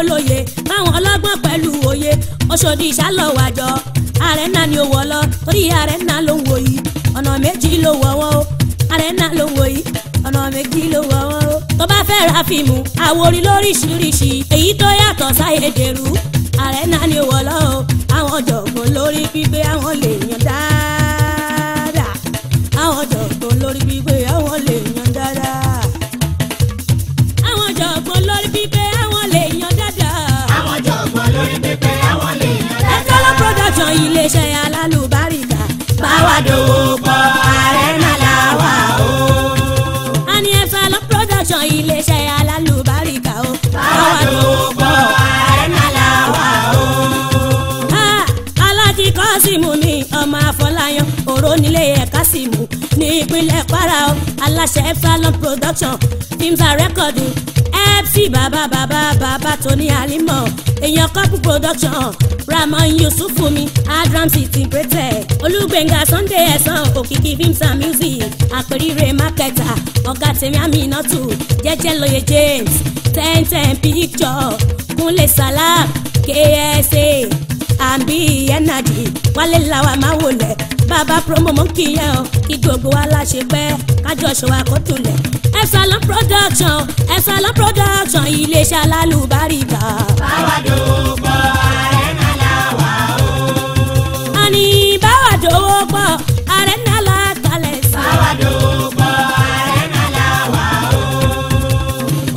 olóye káwọn ọlọ́gbọ́n pẹ̀lú òye Ọ̀ṣọ́dì ìṣàlọ́wàjọ àrẹ́nà ni ó wọ̀ lọ torí àrẹ́nà ló ń wò yìí ọ̀nà méjì ló wọ̀ wọ́ o àrẹ́nà ló ń wò yìí ọ̀nà méjì ló wọ̀ wọ́ o. tó bá fẹ́ ra fíìmù àwòrí lóríṣiríṣi èyí tó yàtọ̀ sáyédèrú àrẹ́nà ni ó wọ̀ lọ o àwọn jọ̀gbọ́n lórí gbígbé àwọn lè yan dáadáa àwọn jọ̀gbọ́n lórí gbígbé àwọn lè yan. iléeṣẹ́ alálùbáríkà bá wa dòwò pọ̀ Arena làwà o. ani efelo production iléeṣẹ́ alálùbáríkà o bá wa dòwò pọ̀ Arena làwà o. alájí kọ́símù ni ọmọ àfọláyàn òró nílé ẹ̀ka símù ní ìpínlẹ̀ kwara o aláṣẹ efelo production films and recording tí bàbá bàbá bàbá tó ní àlímọ̀ èèyàn kọ́pù production ramon yusuf mi adram city brete olúgbẹ̀ngà sunday ẹ̀sán òkìkí films and music àpèrire marketer ọ̀gá tèmi aminatu jẹ́jẹ́ lóye james ten ten picture kúnlé salam ksa àmì ẹnàdì wálé làwa máa wọlé bàbá promo mò ń kí ẹ o kí gbogbo wa la ṣe pẹ́ kájọ ṣọwọ́ àkótólẹ̀ Ẹ̀sàlọ́n production Ẹ̀sàlọ́n production iléeṣẹ́ alálùbáríkà. báwa dòwò pọ̀ ààrẹ náà là wà o. àní báwa dòwò pọ̀ ààrẹ náà là kalẹ̀ sí. báwa dòwò pọ̀ ààrẹ náà là wà o.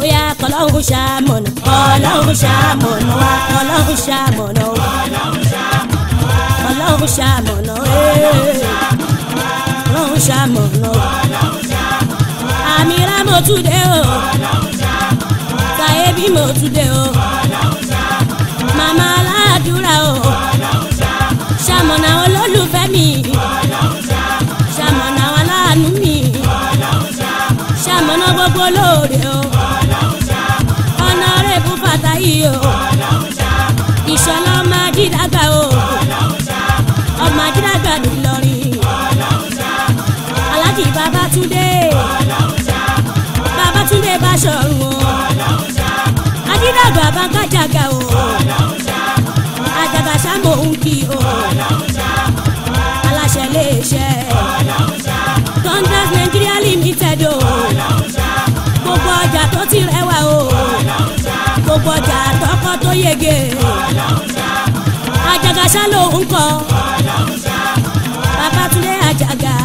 ó yá kọ́lọ́hún ṣàmọ̀nà. kọ́lọ́hún ṣàmọ̀nà wa kọ́lọ́hún ṣàmọ̀nà wa ọlọ́run ṣamọ̀nà ọlọ́run ṣamọ̀nà àmì rà mo tún dé o kàyébí mo tún dé o màmá aládùúrà o ṣamọ̀nà olólùfẹ́ mi. sọ̀rùn o. adídàgbà bá kájàgà o. àjàgà sámò ń kí o. aláṣẹ lè ṣe. Thunders Nigeria Limited o. gbogbo ọjà tó ti rẹwà o. gbogbo ọjà tọkọ tó yege. àjàgà sá ló ń kọ. Babátúndé àjàgà.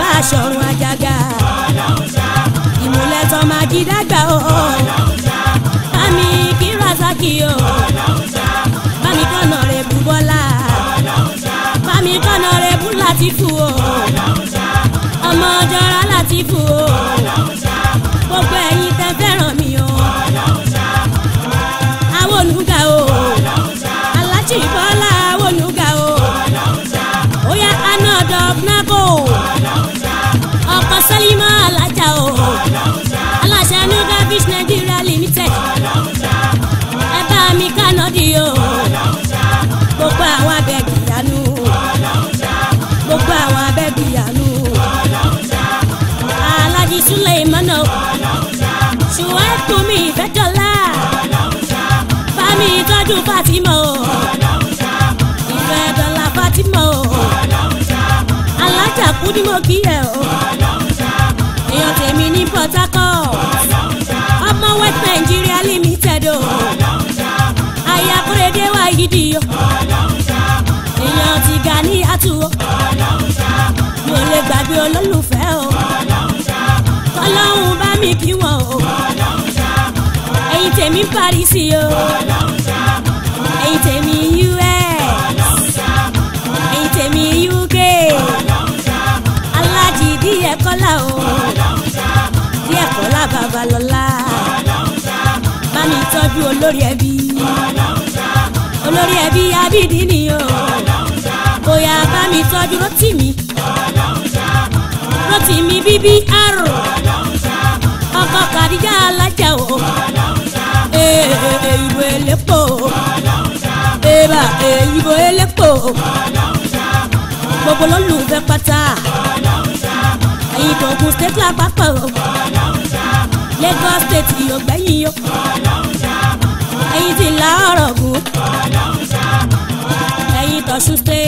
bá a sọ̀rùn àjàgà àmúlẹ̀ tọ́ máa jí dàgbà o. bámi kí razaki o. bámi kọ́nà rẹ̀ bú bọ́lá. bámi kọ́nà rẹ̀ bú látìfù o. ọmọ jọra látìfù o. gbogbo ẹ̀yin tẹ́ fẹ́ràn mi o. àwọn olùgbà o. aláṣẹ ìbọ́lá àwọn olùgbà o. ó yá aná kò. ọkọ̀ sẹ́límọ́ alájà o. àbú ni mo kí ẹ o èèyàn tèmi ní Port Harcourt ọmọ West Nigeria limited o àyà kúrèdè wà yídì o èèyàn ti ga ní àtúwò mo lè gbàgbé olólùfẹ́ o kọlọ́hún bá mi kí wọn o ẹ̀yin tèmi Paris o ẹ̀yin tèmi US ẹ̀yin tèmi UK díẹ̀ kọ́lá o díẹ̀ kọ́lá babalọ́lá bá mi tọ́jú olórí ẹbí olórí ẹbí abídí ni o bóyá bá mi tọ́jú rántí mi rántí mi bíbí àrò ọkọ kàdíjà alájà o èèyàn elépo èèyàn elépo gbogbo ló lù fẹ́ pátá. Ògùn state lápapọ̀ o Lagos state yóò gbẹ̀yìn o ẹ̀yin ti la ọ̀rọ̀ gùn ẹ̀yin t'Ọ̀ṣun state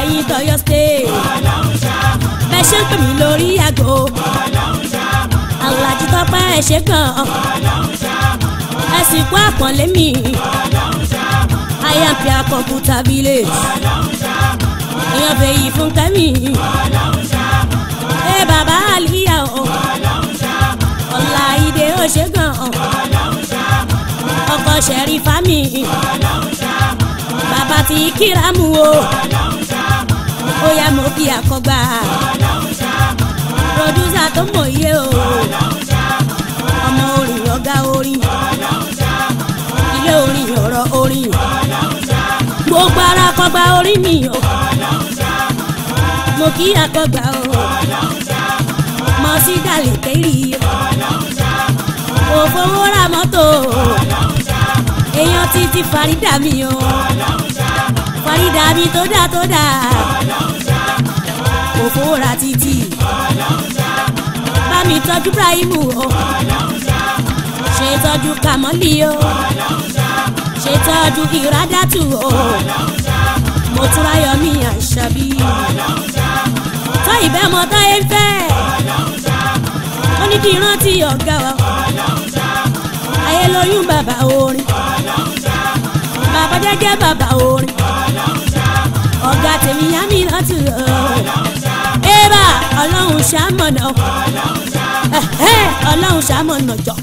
ẹ̀yin t'Ọ̀yọ́ state bẹ́ẹ̀ ṣe ń pè mí lórí àgọ́ Àlàjì Tọ́pẹ́ ẹ̀ ṣe kàn ẹ̀ sì kú àpọ̀nlé mi àyànfẹ́ àkọ́kù tàbí lè èèyàn fèyí fún kẹ́mi. ọlọ́run ṣàmọ̀ ọlọ́run. ẹ bàbá àlìyá o. ọlọ́run ṣàmọ̀ ọlọ́run. ọ̀la ìdè òṣègùn. ọlọ́run ṣàmọ̀ ọlọ́run. fámì. bàbá ti kíramù o. ọlọ́run ṣàmọ̀ ọlọ́run. ó yá mo kí àkọ́gbà. ọlọ́run tó mọ̀ iye o. ọlọ́run ṣàmọ̀ ọlọ́run. ọmọ orin ọ̀gá orin. ọlọ́run ṣàmọ̀ ọlọ́run. ilé orin ọ̀rọ̀ orin. ọlọ́run ṣàmọ̀ kọ́gbà orin mi o mo kí àkọ́gbà o mo sì dàlẹ̀ kẹ́rì o fowó ra mọ́tò èèyàn títí Farida mi o Farida mi tó dá tó dá fowó ra títí bá mi tọ́jú Ibrahimu o ṣe tọ́jú Kamali o ṣe tọ́jú Iradatu o mo tún ráyọ̀ mi àṣàbí tó ìbẹ́ mọ táyé fẹ́ ó ní kí ìrántí ọ̀gá wa ayé lóyún bàbá orin bàbá jẹ́jẹ́ bàbá orin ọ̀gá tèmi yá mi rántí ẹ̀bà ọlọ́run ṣàmọ̀nà ọlọ́run ṣàmọ̀nà jọ.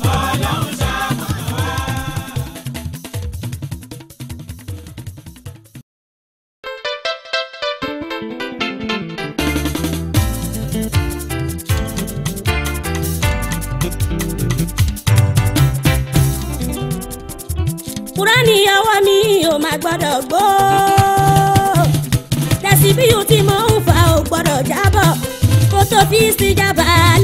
ò má gbọ́dọ̀ gbó. Dẹ̀sí bí yóò ti mọ̀ ń fa ò gbọ́dọ̀ jábọ̀ kó tó fi sí jábàá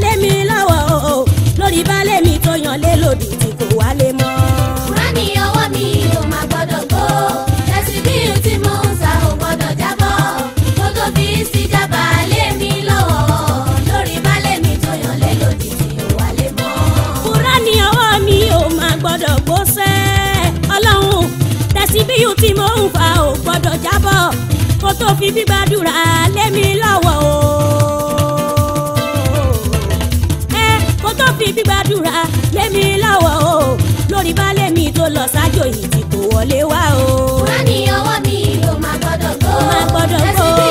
oyún tí mò ń fa ò gbọ́dọ̀ jábọ̀ kó tó fi gbígbàdúrà lé mi lọ́wọ́ o. ẹ kó tó fi gbígbàdúrà lé mi lọ́wọ́ o lórí baálé mi tó lọ ṣáájú èyí tí kò wọlé wá o. wọ́n ní ọwọ́ mi ò máa gbọ́dọ̀ gbó. máa gbọ́dọ̀ gbó.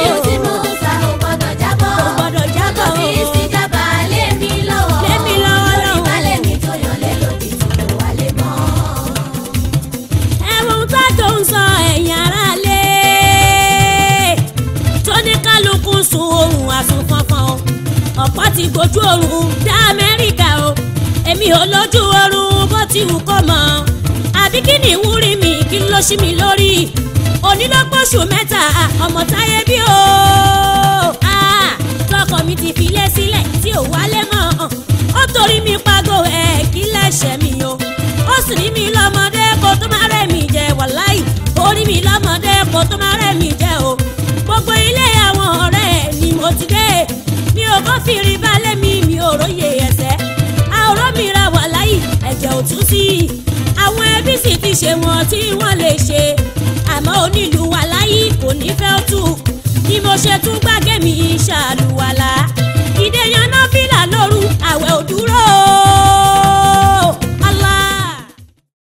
wọ́n ti gbójú oorun dá amẹ́ríkà o èmi ò lójú oorun bó ti wù kó mọ̀ àbí kí ni ìwúrí mi kí ló ṣí mi lórí onílọ́pọ̀ṣù mẹ́ta ọmọ táyé bí o tọkọ mi ti filé sílẹ̀ tí ò wálé mọ́ ó torí mi pago ẹ̀ kí lẹ́sẹ̀ mi o ó sì rí mi lọ́mọdé kó tó má rẹ̀ mi jẹ wàláì ó mi lọ́mọdé kó tó má rẹ̀ mi jẹ o gbogbo ilé àwọn ọ̀rẹ́ ni mo ti dé ò kọ́ balẹ̀ mi mi ò róye ẹsẹ̀ àwòrán mi ra wà láyì ẹ̀jẹ̀ ò tún sí i àwọn ẹbí sì ti ṣe wọn tí wọ́n lè ṣe àmọ́ onílù wà láyì kò ní fẹ́ tù ni mo ṣe tún gbàgé mi ṣàlùwàlà.